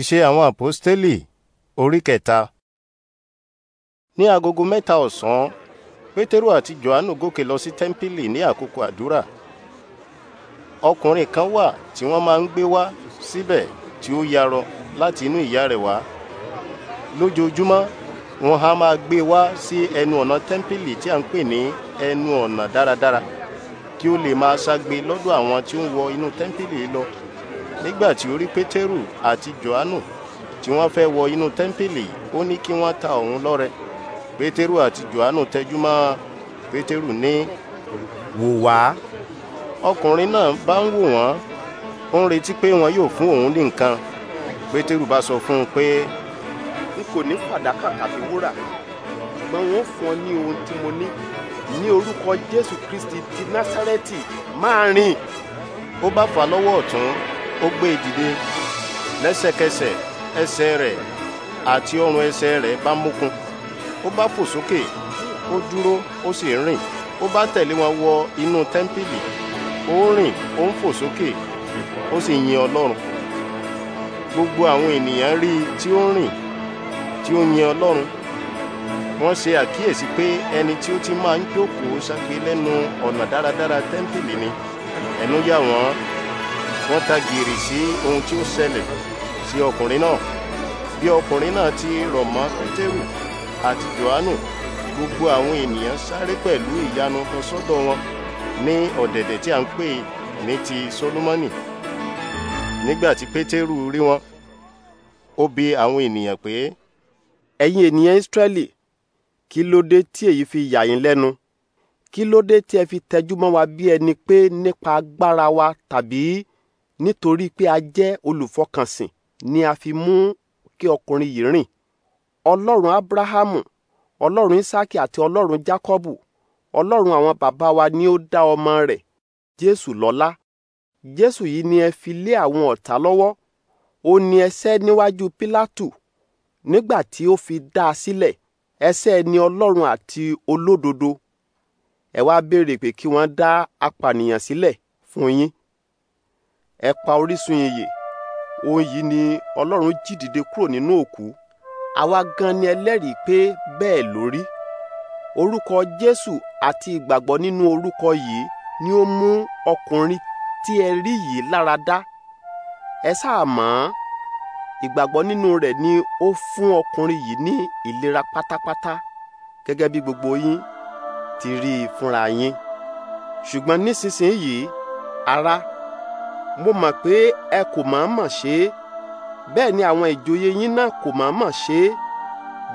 Ìṣe àwọn àpọ́stélì orí kẹta. Ní agogo mẹ́ta ọ̀sán, Pétérù àti Jòhánù gòkè lọ sí tẹ́ḿpìlì ní àkókò àdúrà. Ọkùnrin kan wà tí wọ́n máa ń gbé wá síbẹ̀ tí ó yarọ láti inú ìyá rẹ̀ wá. Lójoojúmọ́, wọ́n á máa gbé wá sí ẹnu ọ̀nà tẹ́ḿpìlì tí a ń pè ní ẹnu ọ̀nà dáradára kí ó lè máa ságbe lọ́dọ̀ àwọn tí ó ń wọ inú tẹ́ḿpìlì lọ nígbà tí ó rí pétérù àti johannu tí wọ́n fẹ́ wọ inú tẹ́ḿpìlì ó ní kí wọ́n ta òun lọ́rẹ pétérù àti johannu tẹjú mọ́ pétérù ní. wò wá. ọkùnrin náà bá ń wò wọ́n ó ń retí pé wọn yóò fún òun ní nǹkan pétérù bá sọ fún un pé. n kò ní fàdákà tàbí wúrà ṣùgbọ́n wọn fún ọ ní ohun tí mo ní ní orúkọ jésù kristi ti násárẹ́tì máa rìn ó bá fà lọ́wọ́ ọ̀tún ó gbé e dìde lẹ́sẹ̀kẹsẹ̀ ẹsẹ̀ rẹ̀ àti ọrùn ẹsẹ̀ rẹ̀ bá mókun ó bá fò sókè ó dúró ó sì rìn ó bá tẹ̀lé wọn wọ inú tẹ́ḿpìlì ó rìn ó ń fò sókè ó sì yin ọlọ́run gbogbo àwọn ènìyàn rí i tí ó ń rìn tí ó yin ọlọ́run wọ́n ṣe àkíyèsí pé ẹni tí ó ti máa ń jókòó sáké lẹ́nu ọ̀nà dáradára tẹ́ḿpìlì ni ẹnu yà wọ́n wọ́n ta gìrì sí ohun tí ó ṣẹlẹ̀ sí ọkùnrin náà bí ọkùnrin náà ti rọ̀ mọ́ pétérù àti johannu gbogbo àwọn ènìyàn sáré pẹ̀lú ìyanu lọ sọ́dọ̀ wọn ní ọ̀dẹ̀dẹ̀ tí a ń pè ní ti solomoni nígbà tí pétérù rí wọn ó bi àwọn ènìyàn pé. ẹ̀yin ènìyàn israẹli kí ló dé tí èyí fi yà yín lẹ́nu kí ló dé tí ẹ fi tẹjú mọ́ wa bí ẹni pé nípa agbára wa tàbí nítorí pé a jẹ́ olùfọkànsìn ni a fi mú kí ọkùnrin yìí rìn ọlọ́run abrahamu ọlọ́run isaki àti ọlọ́run jacobu ọlọ́run àwọn bàbá wa ni ó dá ọmọ rẹ̀ jésù lọ́lá jésù yìí ni ẹ fi lé àwọn ọ̀tá lọ́wọ́ ó ní ẹsẹ́ níwájú pílátù nígbà tí ó fi dá a sílẹ̀ ẹsẹ́ ni ọlọ́run àti olódodo ẹ wá béèrè pé kí wọ́n dá apànìyàn sílẹ̀ fún yín ẹ pa orísun ìyè òun yìí ni ọlọ́run jí dìde kúrò nínú òkú àwa gan ni ẹlẹ́rìí pé bẹ́ẹ̀ ló rí orúkọ jésù àti ìgbàgbọ́ nínú orúkọ yìí ni ó mú ọkùnrin tí ẹ rí yìí lára dá ẹ sáà mọ̀ ìgbàgbọ́ nínú rẹ̀ ni ó fún ọkùnrin yìí ní ìlera pátápátá gẹ́gẹ́ bí gbogbo yín ti rí i fúnra yín ṣùgbọ́n nísinsìnyí ará mo mọ̀ pé ẹ kò máa mọ̀ ṣe é bẹ́ẹ̀ ni àwọn ìjòyè yín náà kò máa mọ̀ ṣe é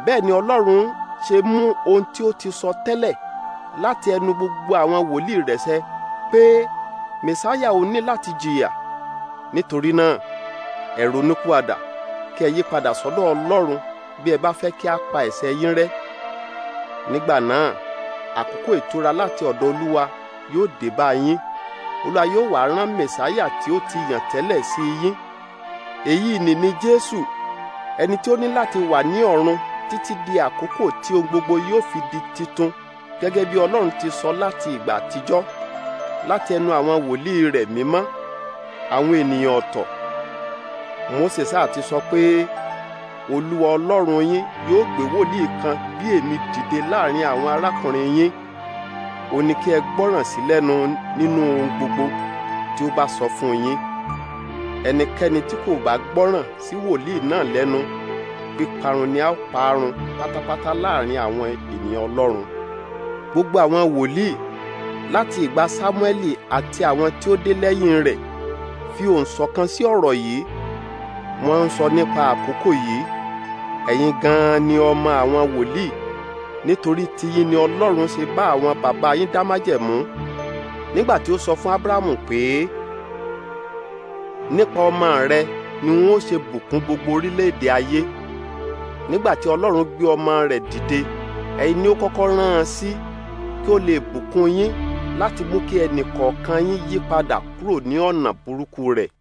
bẹ́ẹ̀ ni ọlọ́run ṣe mú ohun tí ó ti sọ tẹ́lẹ̀ láti ẹnu gbogbo àwọn wòlíì rẹ̀ ṣẹ pé mẹsáyà ò ní láti jìyà nítorí náà ẹ ronúpìwàdà kí ẹ yí padà sọ́dọ̀ ọlọ́run bí ẹ bá fẹ́ kí a pa ẹ̀ṣẹ̀ yín rẹ́ nígbà náà àkókò ìtura láti ọ̀dọ̀ olúwa yóò dé bá yín olúwa yóò wá rán mẹ̀sáyà tí ó ti yàn tẹ́lẹ̀ sí yín èyí ni ni jésù ẹni tí ó ní láti wà ní ọ̀run títí di àkókò tí ohun gbogbo yóò fi di titun gẹ́gẹ́ bí ọlọ́run ti sọ láti ìgbà àtijọ́ láti ẹnu àwọn wòlíì rẹ̀ mímọ́ àwọn ènìyàn ọ̀tọ̀ mose sáà ti sọ pé olúwa ọlọ́run yín yóò gbé wòlíì kan bí èmi dìde láàrin àwọn arákùnrin yín ó ní kí ẹ gbọ́ràn sí lẹ́nu nínú ohun gbogbo tí ó bá sọ fún yín ẹnikẹ́ni tí kò bá gbọ́ràn sí wòlíì náà lẹ́nu píparun ni a ó parun pátápátá láàrin àwọn ènìyàn ọlọ́run gbogbo àwọn wòlíì láti ìgbà sámúẹ́lì àti àwọn tí ó dé lẹ́yìn rẹ̀ fi òǹsọ̀kan sí ọ̀rọ̀ yìí wọ́n ń sọ nípa àkókò yìí ẹ̀yin gan-an ni ọmọ àwọn wòlíì nítorí tiyín ni ọlọ́run ṣe bá àwọn bàbá yín dá májẹ̀mú nígbà tí ó sọ fún abrahamu pé nípa ọmọ rẹ ni wọn ó ṣe bùkún gbogbo orílẹ̀-èdè ayé nígbà tí ọlọ́run gbé ọmọ rẹ̀ dìde ẹ̀yin ni ó kọ́kọ́ rán an sí kí ó lè bùkún yín láti mú kí ẹnì kọ̀ọ̀kan yín yí padà kúrò ní ọ̀nà burúkú rẹ̀